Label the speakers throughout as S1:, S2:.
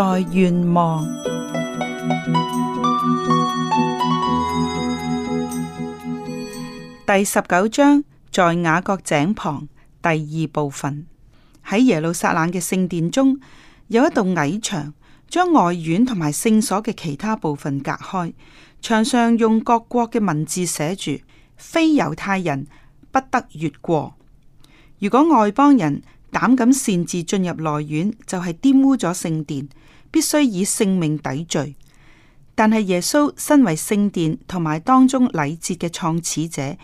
S1: 在願望。第十九章，在雅各井旁第二部分。喺耶路撒冷嘅聖殿中，有一道矮牆將外院同埋聖所嘅其他部分隔開。牆上用各國嘅文字寫住：非猶太人不得越過。如果外邦人。膽敢擅自進入內院，就係玷污咗聖殿，必須以性命抵罪。但係耶穌身為聖殿同埋當中禮節嘅創始者，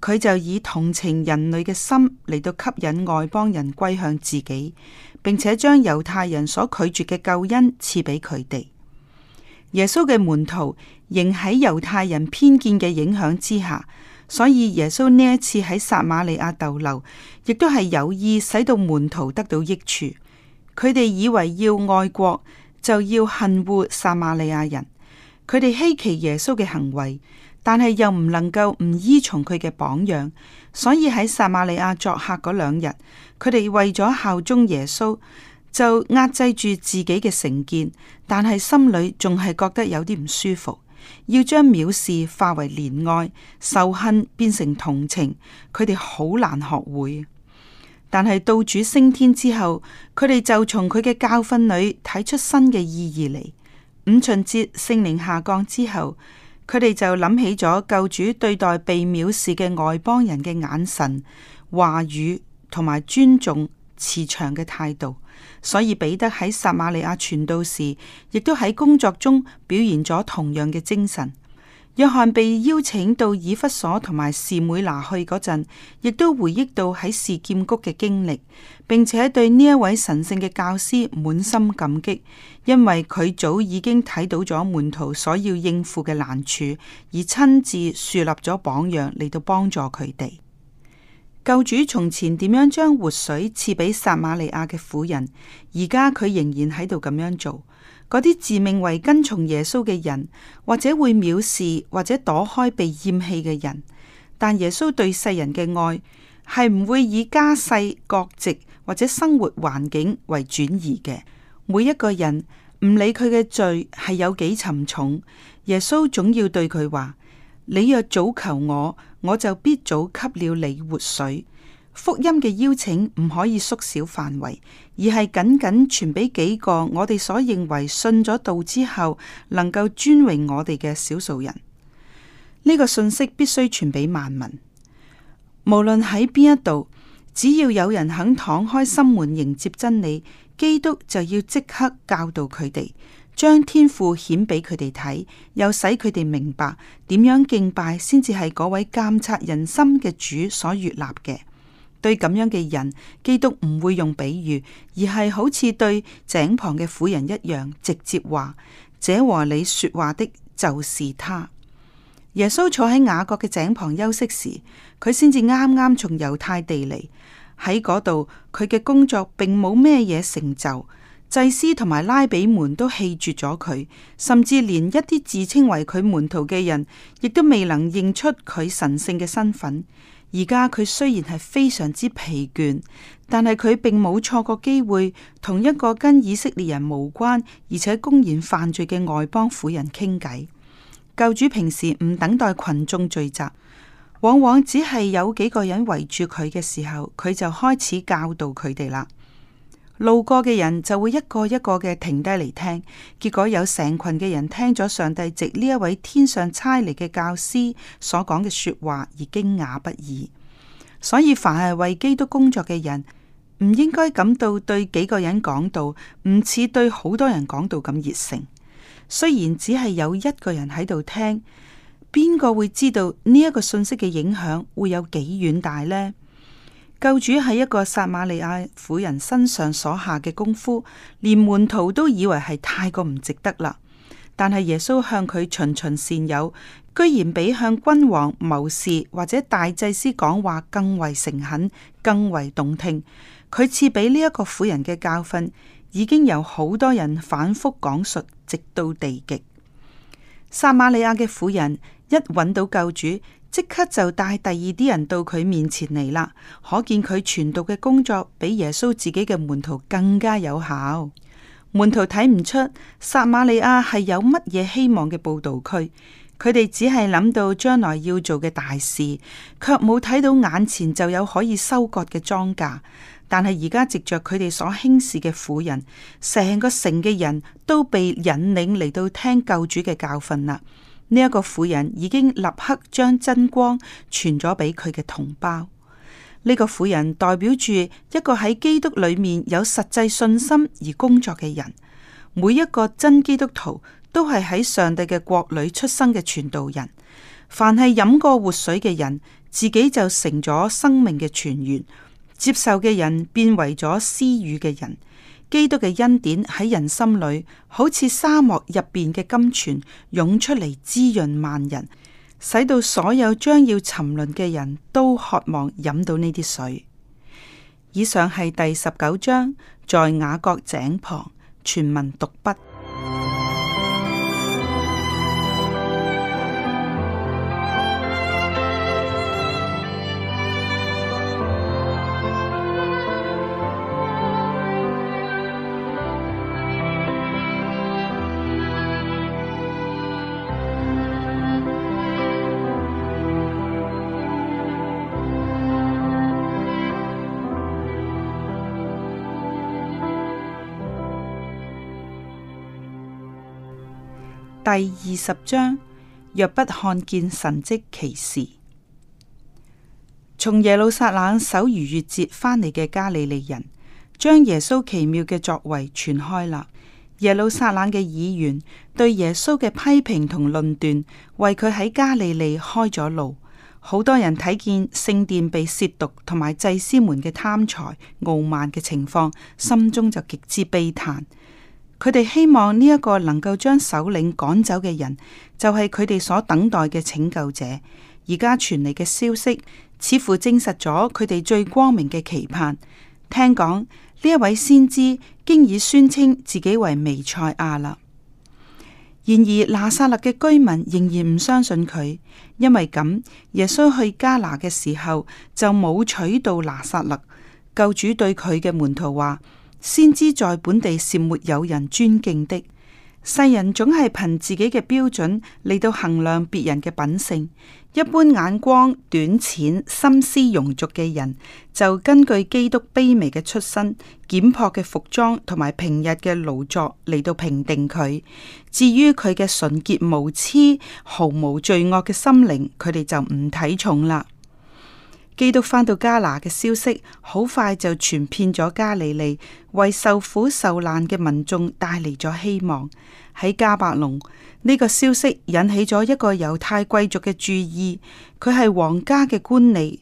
S1: 佢就以同情人類嘅心嚟到吸引外邦人歸向自己，並且將猶太人所拒絕嘅救恩賜俾佢哋。耶穌嘅門徒仍喺猶太人偏見嘅影響之下。所以耶穌呢一次喺撒瑪利亞逗留，亦都係有意使到門徒得到益處。佢哋以為要愛國就要恨惡撒瑪利亞人，佢哋稀奇耶穌嘅行為，但係又唔能夠唔依從佢嘅榜樣。所以喺撒瑪利亞作客嗰兩日，佢哋為咗效忠耶穌，就壓制住自己嘅成見，但係心裏仲係覺得有啲唔舒服。要將藐視化為憐愛，仇恨變成同情，佢哋好難學會。但係到主升天之後，佢哋就從佢嘅教訓裏睇出新嘅意義嚟。五旬節聖靈下降之後，佢哋就諗起咗救主對待被藐視嘅外邦人嘅眼神、話語同埋尊重。慈祥嘅態度，所以彼得喺撒瑪利亞傳道時，亦都喺工作中表現咗同樣嘅精神。約翰被邀請到以弗所同埋士每拿去嗰陣，亦都回憶到喺士劍谷嘅經歷，並且對呢一位神聖嘅教師滿心感激，因為佢早已經睇到咗門徒所要應付嘅難處，而親自樹立咗榜樣嚟到幫助佢哋。救主從前點樣將活水賜俾撒瑪利亞嘅婦人，而家佢仍然喺度咁樣做。嗰啲自命為跟從耶穌嘅人，或者會藐視，或者躲開被厭棄嘅人。但耶穌對世人嘅愛係唔會以家世、國籍或者生活環境為轉移嘅。每一個人唔理佢嘅罪係有幾沉重，耶穌總要對佢話：你若早求我。我就必早給了你活水。福音嘅邀請唔可以縮小範圍，而係僅僅傳俾幾個我哋所認為信咗道之後能夠尊榮我哋嘅少數人。呢個信息必須傳俾萬民，無論喺邊一度，只要有人肯敞開心門迎接真理，基督就要即刻教導佢哋。將天賦顯俾佢哋睇，又使佢哋明白點樣敬拜先至係嗰位監察人心嘅主所悅納嘅。對咁樣嘅人，基督唔會用比喻，而係好似對井旁嘅婦人一樣，直接話：這和你說話的，就是他。耶穌坐喺雅各嘅井旁休息時，佢先至啱啱從猶太地嚟，喺嗰度佢嘅工作並冇咩嘢成就。祭司同埋拉比們都棄絕咗佢，甚至連一啲自稱為佢門徒嘅人，亦都未能認出佢神聖嘅身份。而家佢雖然係非常之疲倦，但係佢並冇錯過機會，同一個跟以色列人無關而且公然犯罪嘅外邦婦人傾偈。救主平時唔等待群眾聚集，往往只係有幾個人圍住佢嘅時候，佢就開始教導佢哋啦。路過嘅人就會一個一個嘅停低嚟聽，結果有成群嘅人聽咗上帝藉呢一位天上差嚟嘅教師所講嘅說話而驚訝不已。所以凡係為基督工作嘅人，唔應該感到對幾個人講道唔似對好多人講道咁熱誠。雖然只係有一個人喺度聽，邊個會知道呢一個信息嘅影響會有幾遠大呢？救主喺一個撒瑪利亞婦人身上所下嘅功夫，連門徒都以為係太過唔值得啦。但係耶穌向佢循循善誘，居然比向君王謀、謀士或者大祭司講話更為誠懇、更為動聽。佢賜俾呢一個婦人嘅教訓，已經有好多人反復講述，直到地極。撒瑪利亞嘅婦人一揾到救主，即刻就帶第二啲人到佢面前嚟啦，可見佢傳道嘅工作比耶穌自己嘅門徒更加有效。門徒睇唔出撒瑪利亞係有乜嘢希望嘅報導區，佢哋只係諗到將來要做嘅大事，卻冇睇到眼前就有可以收割嘅莊稼。但係而家藉着佢哋所輕視嘅婦人，成個城嘅人都被引領嚟到聽救主嘅教訓啦。呢一個婦人已經立刻將真光傳咗俾佢嘅同胞。呢、這個婦人代表住一個喺基督裏面有實際信心而工作嘅人。每一個真基督徒都係喺上帝嘅國裏出生嘅傳道人。凡係飲過活水嘅人，自己就成咗生命嘅泉源；接受嘅人變為咗施與嘅人。基督嘅恩典喺人心裏，好似沙漠入邊嘅甘泉湧出嚟，滋潤萬人，使到所有將要沉淪嘅人都渴望飲到呢啲水。以上係第十九章，在雅各井旁，全文讀畢。第二十章，若不看見神蹟奇事，從耶路撒冷守逾越節翻嚟嘅加利利人，將耶穌奇妙嘅作為傳開啦。耶路撒冷嘅議員對耶穌嘅批評同論斷，為佢喺加利利開咗路。好多人睇見聖殿被褻瀆同埋祭司們嘅貪財傲慢嘅情況，心中就極之悲嘆。佢哋希望呢一個能夠將首領趕走嘅人，就係佢哋所等待嘅拯救者。而家傳嚟嘅消息，似乎證實咗佢哋最光明嘅期盼。聽講呢一位先知，經已宣稱自己為彌賽亞啦。然而拿撒勒嘅居民仍然唔相信佢，因為咁，耶穌去加拿嘅時候就冇取到拿撒勒。救主對佢嘅門徒話。先知在本地是沒有人尊敬的。世人總係憑自己嘅標準嚟到衡量別人嘅品性。一般眼光短淺、心思庸俗嘅人，就根據基督卑微嘅出身、簡樸嘅服裝同埋平日嘅勞作嚟到評定佢。至於佢嘅純潔無疵、毫無罪惡嘅心靈，佢哋就唔睇重啦。基督返到加拿嘅消息，好快就傳遍咗加利利，為受苦受難嘅民眾帶嚟咗希望。喺加百隆，呢、這個消息引起咗一個猶太貴族嘅注意。佢係皇家嘅官吏，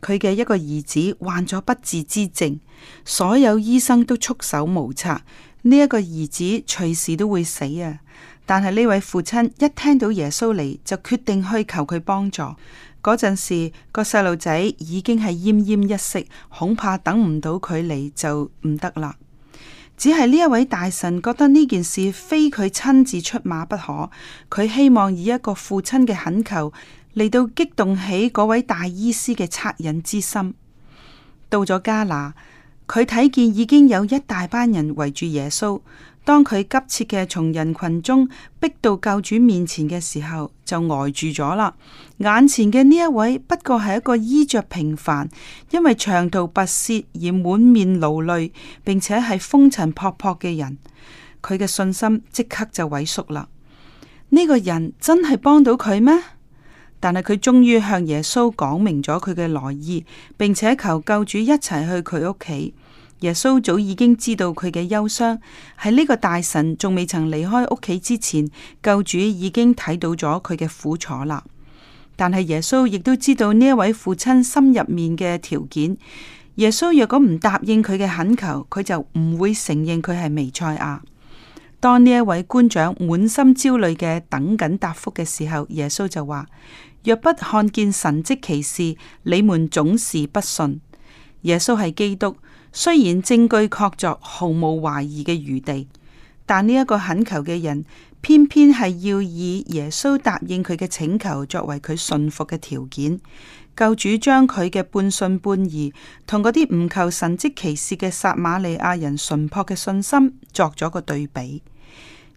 S1: 佢嘅一個兒子患咗不治之症，所有醫生都束手無策。呢、這、一個兒子隨時都會死啊！但係呢位父親一聽到耶穌嚟，就決定去求佢幫助。嗰陣時，個細路仔已經係奄奄一息，恐怕等唔到佢嚟就唔得啦。只係呢一位大臣覺得呢件事非佢親自出馬不可，佢希望以一個父親嘅懇求嚟到激動起嗰位大醫師嘅惻隱之心。到咗加拿，佢睇見已經有一大班人圍住耶穌。當佢急切嘅從人群中逼到救主面前嘅時候，就呆住咗啦。眼前嘅呢一位不過係一個衣着平凡、因為長途跋涉而滿面勞累，並且係風塵僕僕嘅人。佢嘅信心即刻就萎縮啦。呢、呢個人真係幫到佢咩？但係佢終於向耶穌講明咗佢嘅來意，並且求救主一齊去佢屋企。耶穌早已經知道佢嘅憂傷，喺呢個大神仲未曾離開屋企之前，救主已經睇到咗佢嘅苦楚啦。但係耶穌亦都知道呢一位父親心入面嘅條件，耶穌若果唔答應佢嘅懇求，佢就唔會承認佢係彌賽亞。當呢一位官長滿心焦慮嘅等緊答覆嘅時候，耶穌就話，若不看見神蹟奇事，你們總是不信。耶穌係基督。雖然證據確鑿，毫無懷疑嘅餘地，但呢一個懇求嘅人，偏偏係要以耶穌答應佢嘅請求作為佢信服嘅條件。救主將佢嘅半信半疑，同嗰啲唔求神蹟奇事嘅撒瑪利亞人純樸嘅信心作咗個對比。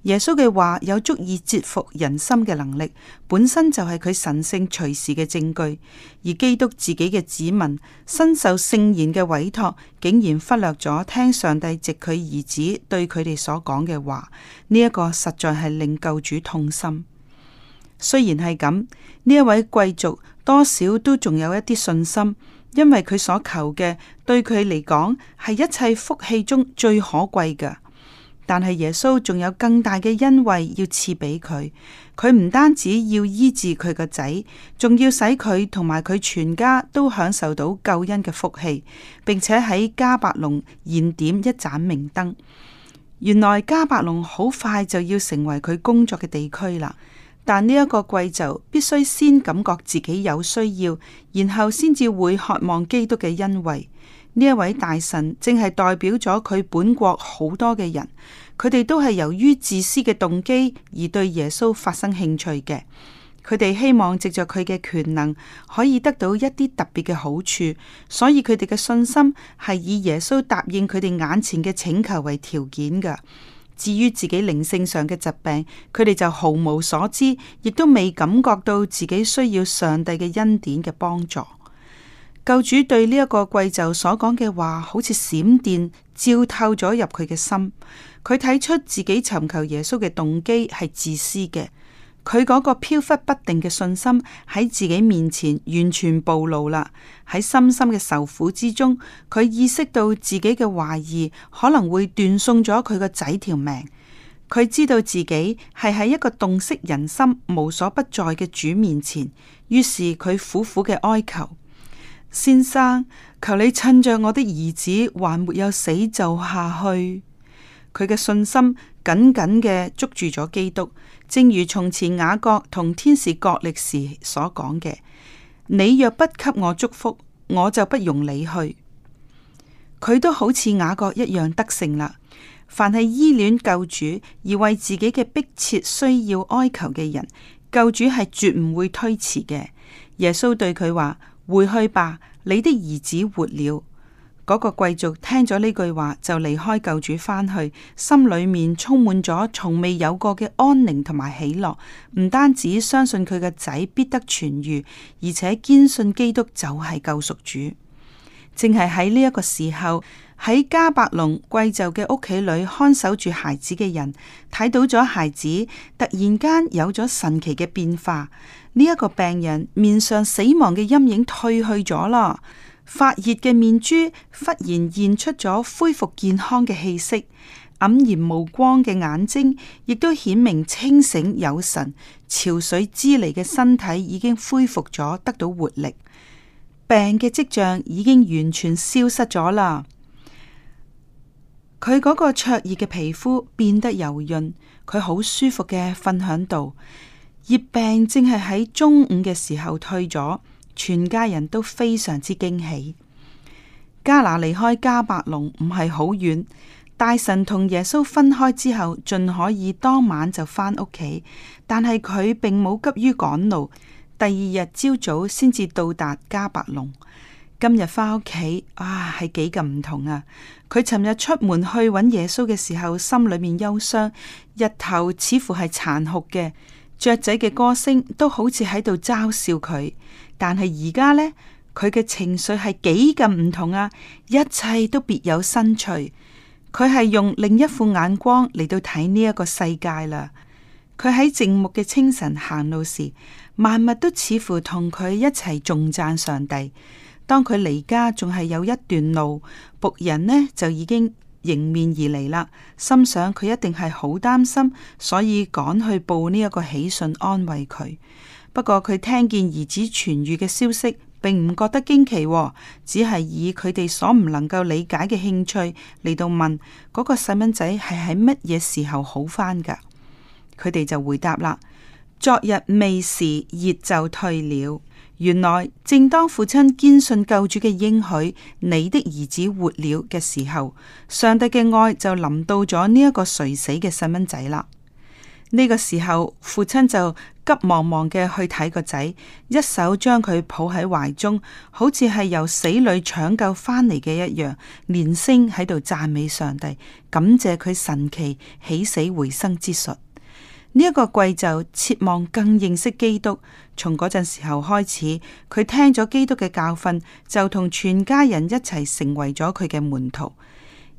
S1: 耶穌嘅話有足以折服人心嘅能力，本身就係佢神聖隨時嘅證據。而基督自己嘅子民，身受聖言嘅委託，竟然忽略咗聽上帝藉佢兒子對佢哋所講嘅話，呢、這、一個實在係令救主痛心。雖然係咁，呢一位貴族多少都仲有一啲信心，因為佢所求嘅對佢嚟講係一切福氣中最可貴嘅。但係耶穌仲有更大嘅恩惠要賜俾佢，佢唔單止要醫治佢個仔，仲要使佢同埋佢全家都享受到救恩嘅福氣，並且喺加百隆燃點一盞明燈。原來加百隆好快就要成為佢工作嘅地區啦，但呢一個貴族就必須先感覺自己有需要，然後先至會渴望基督嘅恩惠。呢一位大臣正係代表咗佢本國好多嘅人，佢哋都係由於自私嘅動機而對耶穌發生興趣嘅。佢哋希望藉着佢嘅權能可以得到一啲特別嘅好處，所以佢哋嘅信心係以耶穌答應佢哋眼前嘅請求為條件㗎。至於自己靈性上嘅疾病，佢哋就毫無所知，亦都未感覺到自己需要上帝嘅恩典嘅幫助。救主對呢一個貴族所講嘅話，好似閃電照透咗入佢嘅心，佢睇出自己尋求耶穌嘅動機係自私嘅，佢嗰個飄忽不定嘅信心喺自己面前完全暴露啦。喺深深嘅受苦之中，佢意識到自己嘅懷疑可能會斷送咗佢個仔條命，佢知道自己係喺一個洞悉人心無所不在嘅主面前，於是佢苦苦嘅哀求。先生，求你趁着我的兒子還沒有死就下去。佢嘅信心緊緊嘅捉住咗基督，正如從前雅各同天使角力時所講嘅：你若不給我祝福，我就不容你去。佢都好似雅各一樣得勝啦。凡係依戀救主而為自己嘅迫切需要哀求嘅人，救主係絕唔會推辭嘅。耶穌對佢話。回去吧，你的兒子活了。嗰個貴族聽咗呢句話就離開救主翻去，心裡面充滿咗從未有過嘅安寧同埋喜樂。唔單止相信佢嘅仔必得痊愈，而且堅信基督就係救贖主。正係喺呢一個時候，喺加百隆貴族嘅屋企裏看守住孩子嘅人，睇到咗孩子突然間有咗神奇嘅變化。呢一個病人面上死亡嘅陰影退去咗啦，發熱嘅面珠忽然現出咗恢復健康嘅氣息，黯然無光嘅眼睛亦都顯明清醒有神，潮水之嚟嘅身體已經恢復咗，得到活力，病嘅跡象已經完全消失咗啦。佢嗰個灼熱嘅皮膚變得油潤，佢好舒服嘅瞓響度。熱病正係喺中午嘅時候退咗，全家人都非常之驚喜。迦拿離開迦百農唔係好遠，大神同耶穌分開之後，盡可以當晚就返屋企，但係佢並冇急於趕路，第二日朝早先至到達迦百農。今日返屋企啊，係幾咁唔同啊！佢尋日出門去揾耶穌嘅時候，心裏面憂傷，日頭似乎係殘酷嘅。雀仔嘅歌聲都好似喺度嘲笑佢，但係而家呢，佢嘅情緒係幾咁唔同啊！一切都別有新趣，佢係用另一副眼光嚟到睇呢一個世界啦。佢喺靜穆嘅清晨行路時，萬物都似乎同佢一齊頌讚上帝。當佢離家仲係有一段路，僕人呢就已經。迎面而嚟啦，心想佢一定係好擔心，所以趕去報呢一個喜訊安慰佢。不過佢聽見兒子痊愈嘅消息，並唔覺得驚奇，哦，只係以佢哋所唔能夠理解嘅興趣嚟到問嗰、嗰個細蚊仔係喺乜嘢時候好返㗎？佢哋就回答啦，昨日未時熱就退了。原來，正當父親堅信救主嘅應許，你的兒子活了嘅時候，上帝嘅愛就臨到咗呢一個垂死嘅細蚊仔啦。呢個時候，父親就急忙忙嘅去睇個仔，一手將佢抱喺懷中，好似係由死裏搶救翻嚟嘅一樣，連聲喺度讚美上帝，感謝佢神奇起死回生之術。呢一個季就切望更認識基督。從嗰陣時候開始，佢聽咗基督嘅教訓，就同全家人一齊成為咗佢嘅門徒。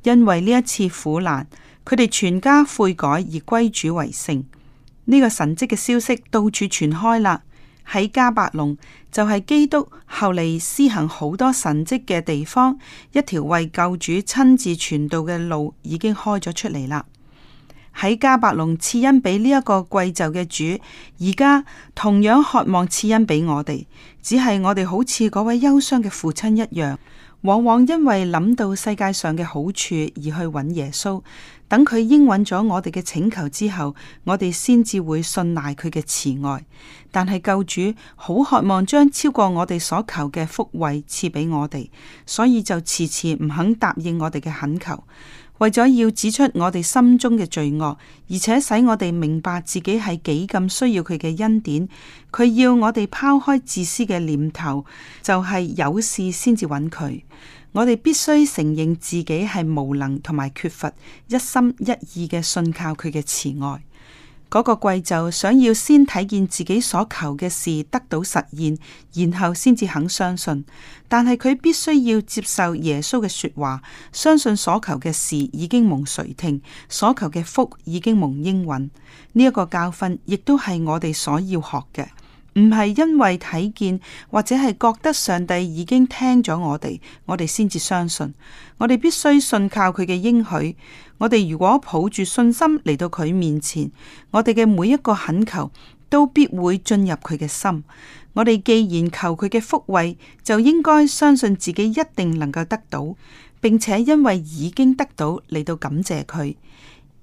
S1: 因為呢一次苦難，佢哋全家悔改而歸主為聖。呢、這個神蹟嘅消息到處傳開啦。喺迦百農，就係、是、基督後嚟施行好多神蹟嘅地方，一條為救主親自傳道嘅路已經開咗出嚟啦。喺迦百農賜恩俾呢一個貴胄嘅主，而家同樣渴望賜恩俾我哋。只係我哋好似嗰位憂傷嘅父親一樣，往往因為諗到世界上嘅好處而去搵耶穌，等佢應允咗我哋嘅請求之後，我哋先至會信賴佢嘅慈愛。但係救主好渴望將超過我哋所求嘅福惠賜俾我哋，所以就遲遲唔肯答應我哋嘅懇求。為咗要指出我哋心中嘅罪惡，而且使我哋明白自己係幾咁需要佢嘅恩典，佢要我哋拋開自私嘅念頭，就係有事先至揾佢。我哋必須承認自己係無能同埋缺乏，一心一意嘅信靠佢嘅慈愛。嗰個貴就想要先睇見自己所求嘅事得到實現，然後先至肯相信。但係佢必須要接受耶穌嘅說話，相信所求嘅事已經蒙垂聽，所求嘅福已經蒙應允。呢、這、一個教訓亦都係我哋所要學嘅。唔係因為睇見或者係覺得上帝已經聽咗我哋，我哋先至相信。我哋必須信靠佢嘅應許。我哋如果抱住信心嚟到佢面前，我哋嘅每一個懇求都必會進入佢嘅心。我哋既然求佢嘅福惠，就應該相信自己一定能夠得到，並且因為已經得到嚟到感謝佢。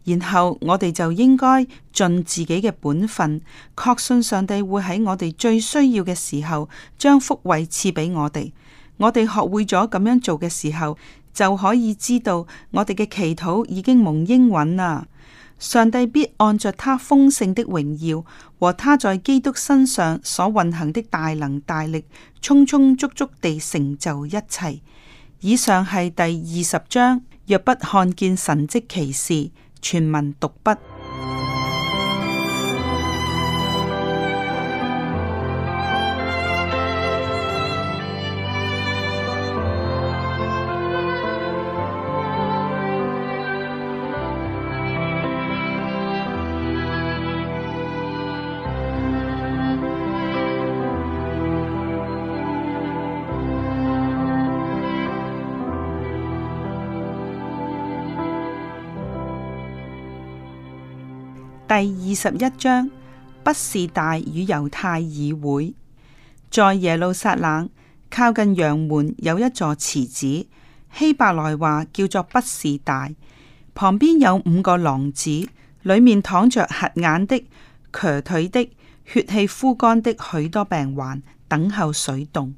S1: 然後我哋就應該盡自己嘅本分，確信上帝會喺我哋最需要嘅時候將福惠賜俾我哋。我哋學會咗咁樣做嘅時候，就可以知道我哋嘅祈禱已經蒙應允啦。上帝必按着他豐盛的榮耀和他在基督身上所運行的大能大力，充充足足地成就一切。以上係第二十章。若不看見神跡奇事，全民讀筆。二十一章，畢士大與猶太議會，在耶路撒冷靠近羊門有一座池子，希伯來話叫做畢士大。旁邊有五個廊子，裏面躺着瞎眼的、瘸腿的、血氣枯乾的許多病患，等候水動。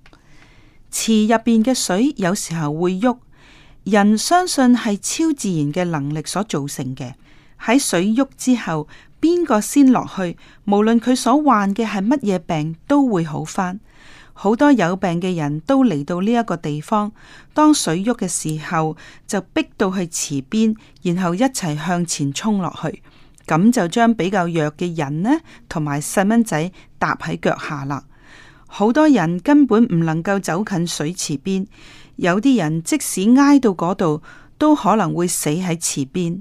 S1: 池入邊嘅水有時候會喐，人相信係超自然嘅能力所造成嘅。喺水喐之後。邊個先落去？無論佢所患嘅係乜嘢病，都會好翻。好多有病嘅人都嚟到呢一個地方，當水喐嘅時候，就逼到去池邊，然後一齊向前衝落去，咁就將比較弱嘅人呢，同埋細蚊仔搭喺腳下啦。好多人根本唔能夠走近水池邊，有啲人即使挨到嗰度，都可能會死喺池邊。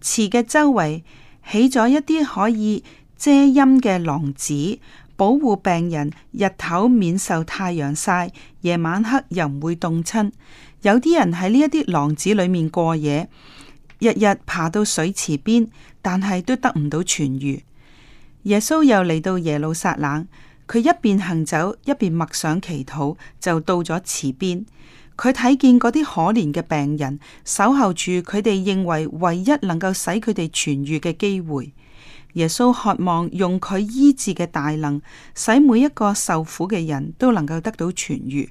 S1: 池嘅周圍。起咗一啲可以遮陰嘅廊子，保護病人日頭免受太陽曬，夜晚黑又唔會凍親。有啲人喺呢一啲廊子裏面過夜，日日爬到水池邊，但係都得唔到痊愈。耶穌又嚟到耶路撒冷，佢一邊行走一邊默想祈禱，就到咗池邊。佢睇見嗰啲可憐嘅病人，守候住佢哋認為唯一能夠使佢哋痊愈嘅機會。耶穌渴望用佢醫治嘅大能，使每一個受苦嘅人都能夠得到痊愈。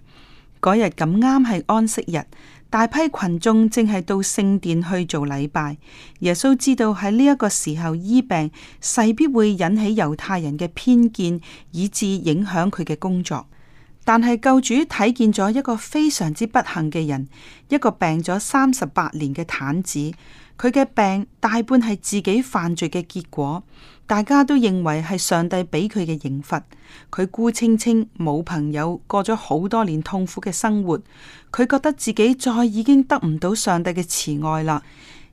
S1: 嗰日咁啱係安息日，大批群眾正係到聖殿去做禮拜。耶穌知道喺呢一個時候醫病，勢必會引起猶太人嘅偏見，以致影響佢嘅工作。但係救主睇見咗一個非常之不幸嘅人，一個病咗三十八年嘅癱子，佢嘅病大半係自己犯罪嘅結果，大家都認為係上帝俾佢嘅刑罰。佢孤清清，冇朋友，過咗好多年痛苦嘅生活，佢覺得自己再已經得唔到上帝嘅慈愛啦。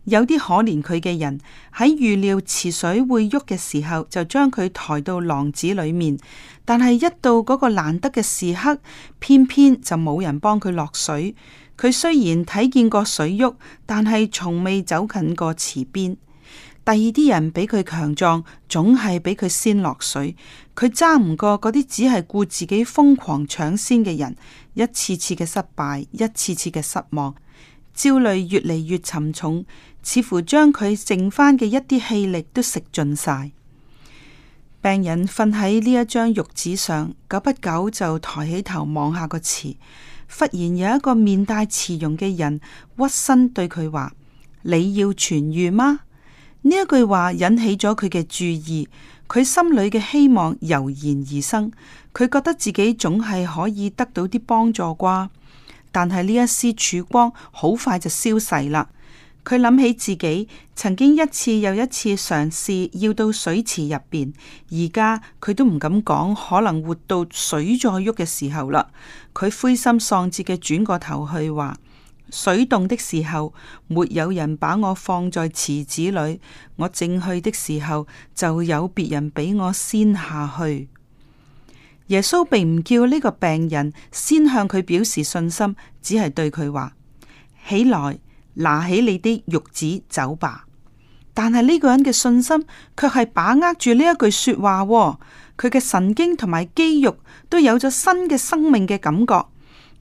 S1: 有啲可憐佢嘅人，喺預料池水會喐嘅時候，就將佢抬到浪子裏面。但係一到嗰個難得嘅時刻，偏偏就冇人幫佢落水。佢雖然睇見過水喐，但係從未走近過池邊。第二啲人比佢強壯，總係比佢先落水。佢爭唔過嗰啲只係顧自己瘋狂搶先嘅人，一次次嘅失敗，一次次嘅失望，焦慮越嚟越沉重。似乎將佢剩翻嘅一啲氣力都食盡晒。病人瞓喺呢一張玉紙上，久不久就抬起頭望下個池。忽然有一個面帶慈容嘅人屈身對佢話：你要痊癒嗎？呢一句話引起咗佢嘅注意，佢心裏嘅希望油然而生。佢覺得自己總係可以得到啲幫助啩。但係呢一絲曙光好快就消逝啦。佢諗起自己曾經一次又一次嘗試要到水池入邊，而家佢都唔敢講，可能活到水再喐嘅時候啦。佢灰心喪志嘅轉過頭去話：水動的時候，沒有人把我放在池子裏；我正去的時候，就有別人比我先下去。耶穌並唔叫呢個病人先向佢表示信心，只係對佢話：起來。拿起你啲褥子走吧，但係呢個人嘅信心卻係把握住呢一句說話。哦，佢嘅神經同埋肌肉都有咗新嘅生命嘅感覺，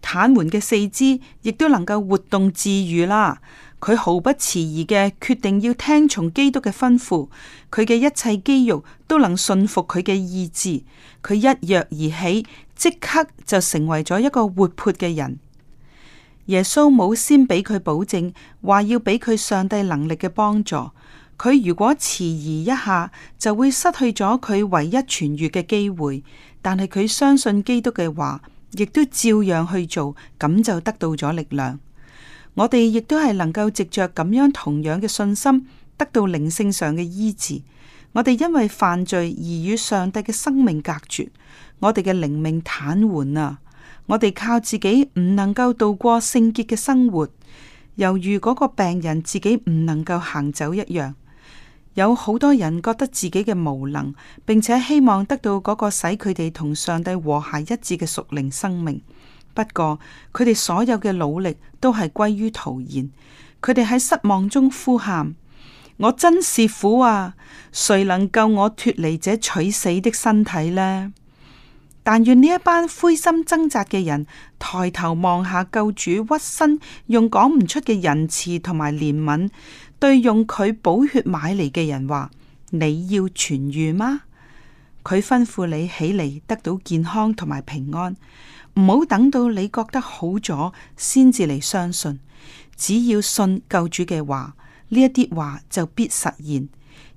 S1: 癱瘓嘅四肢亦都能夠活動自如啦。佢毫不遲疑嘅決定要聽從基督嘅吩咐，佢嘅一切肌肉都能信服佢嘅意志，佢一躍而起，即刻就成為咗一個活潑嘅人。耶穌冇先俾佢保證，話要俾佢上帝能力嘅幫助。佢如果遲疑一下，就會失去咗佢唯一痊癒嘅機會。但係佢相信基督嘅話，亦都照樣去做，咁就得到咗力量。我哋亦都係能夠藉着咁樣同樣嘅信心，得到靈性上嘅醫治。我哋因為犯罪而與上帝嘅生命隔絕，我哋嘅靈命癱瘓啊！我哋靠自己唔能夠度過聖潔嘅生活，猶如嗰個病人自己唔能夠行走一樣。有好多人覺得自己嘅無能，並且希望得到嗰個使佢哋同上帝和諧一致嘅屬靈生命。不過佢哋所有嘅努力都係歸於徒然。佢哋喺失望中呼喊：我真是苦啊！誰能救我脫離這取死的身體呢？但願呢一班灰心掙扎嘅人抬頭望下救主屈身，用講唔出嘅仁慈同埋憐憫，對用佢補血買嚟嘅人話：你要痊愈嗎？佢吩咐你起嚟得到健康同埋平安，唔好等到你覺得好咗先至嚟相信。只要信救主嘅話，呢一啲話就必實現。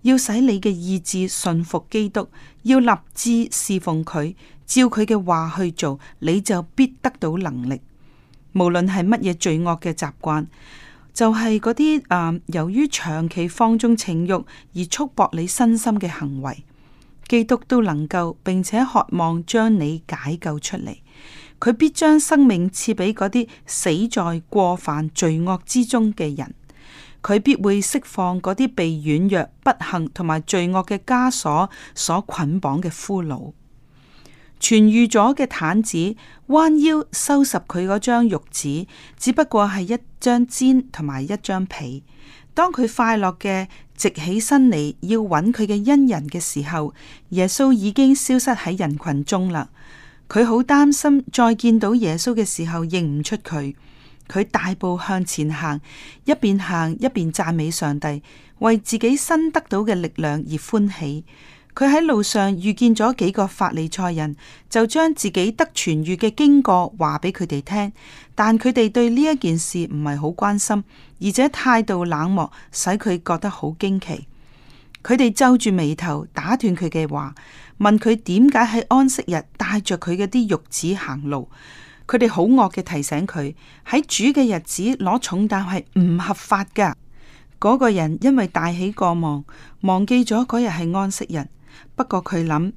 S1: 要使你嘅意志信服基督，要立志侍奉佢。照佢嘅話去做，你就必得到能力。無論係乜嘢罪惡嘅習慣，就係嗰啲誒，由於長期放縱情欲而束縛你身心嘅行為，基督都能夠並且渴望將你解救出嚟。佢必將生命賜俾嗰啲死在過犯罪惡之中嘅人，佢必會釋放嗰啲被軟弱、不幸同埋罪惡嘅枷鎖所捆綁嘅俘虜。痊癒咗嘅癱子彎腰收拾佢嗰張褥子，只不過係一張氈同埋一張被。當佢快樂嘅直起身嚟，要搵佢嘅恩人嘅時候，耶穌已經消失喺人群中啦。佢好擔心再見到耶穌嘅時候認唔出佢，佢大步向前行，一邊行一邊讚美上帝，為自己新得到嘅力量而歡喜。佢喺路上遇見咗幾個法利賽人，就將自己得痊癒嘅經過話俾佢哋聽。但佢哋對呢一件事唔係好關心，而且態度冷漠，使佢覺得好驚奇。佢哋皺住眉頭打斷佢嘅話，問佢點解喺安息日帶着佢嘅啲褥子行路。佢哋好惡嘅提醒佢喺主嘅日子攞重擔係唔合法噶。嗰、那個人因為大喜過望，忘記咗嗰日係安息日。不過佢諗，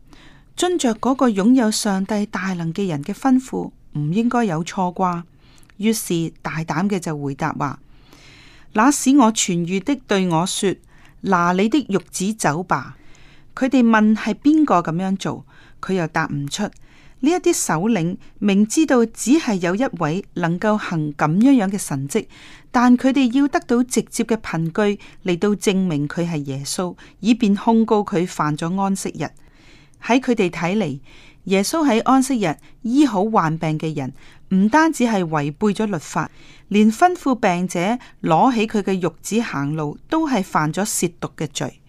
S1: 遵着嗰個擁有上帝大能嘅人嘅吩咐，唔應該有錯啩。於是大膽嘅就回答話：那使我痊癒的對我說，拿你的玉子走吧。佢哋問係邊個咁樣做，佢又答唔出。呢一啲首領明知道只係有一位能夠行咁樣樣嘅神蹟，但佢哋要得到直接嘅憑據嚟到證明佢係耶穌，以便控告佢犯咗安息日。喺佢哋睇嚟，耶穌喺安息日醫好患病嘅人，唔單止係違背咗律法，連吩咐病者攞起佢嘅褥子行路，都係犯咗褻瀆嘅罪。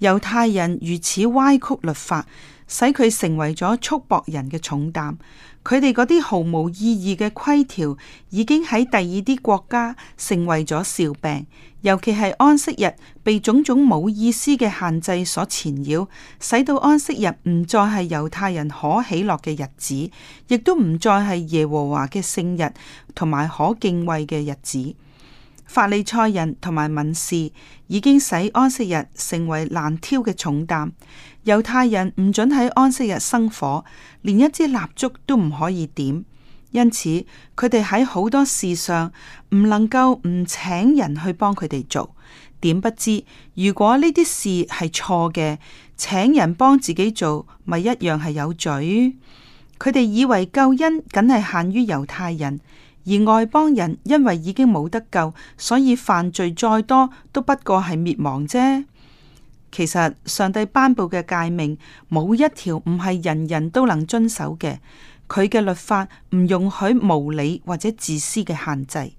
S1: 猶太人如此歪曲律法。使佢成為咗束縛人嘅重擔，佢哋嗰啲毫無意義嘅規條，已經喺第二啲國家成為咗笑柄，尤其係安息日被種種冇意思嘅限制所纏繞，使到安息日唔再係猶太人可喜樂嘅日子，亦都唔再係耶和華嘅聖日同埋可敬畏嘅日子。法利賽人同埋文士已經使安息日成為難挑嘅重擔。猶太人唔准喺安息日生火，連一支蠟燭都唔可以點。因此，佢哋喺好多事上唔能夠唔請人去幫佢哋做。點不知如果呢啲事係錯嘅，請人幫自己做咪一樣係有罪？佢哋以為救恩僅係限於猶太人。而外邦人因為已經冇得救，所以犯罪再多都不過係滅亡啫。其實上帝頒布嘅誡命冇一條唔係人人都能遵守嘅，佢嘅律法唔容許無理或者自私嘅限制。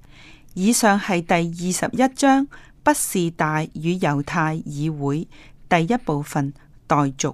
S1: 以上係第二十一章，不是大與猶太議會第一部分待續。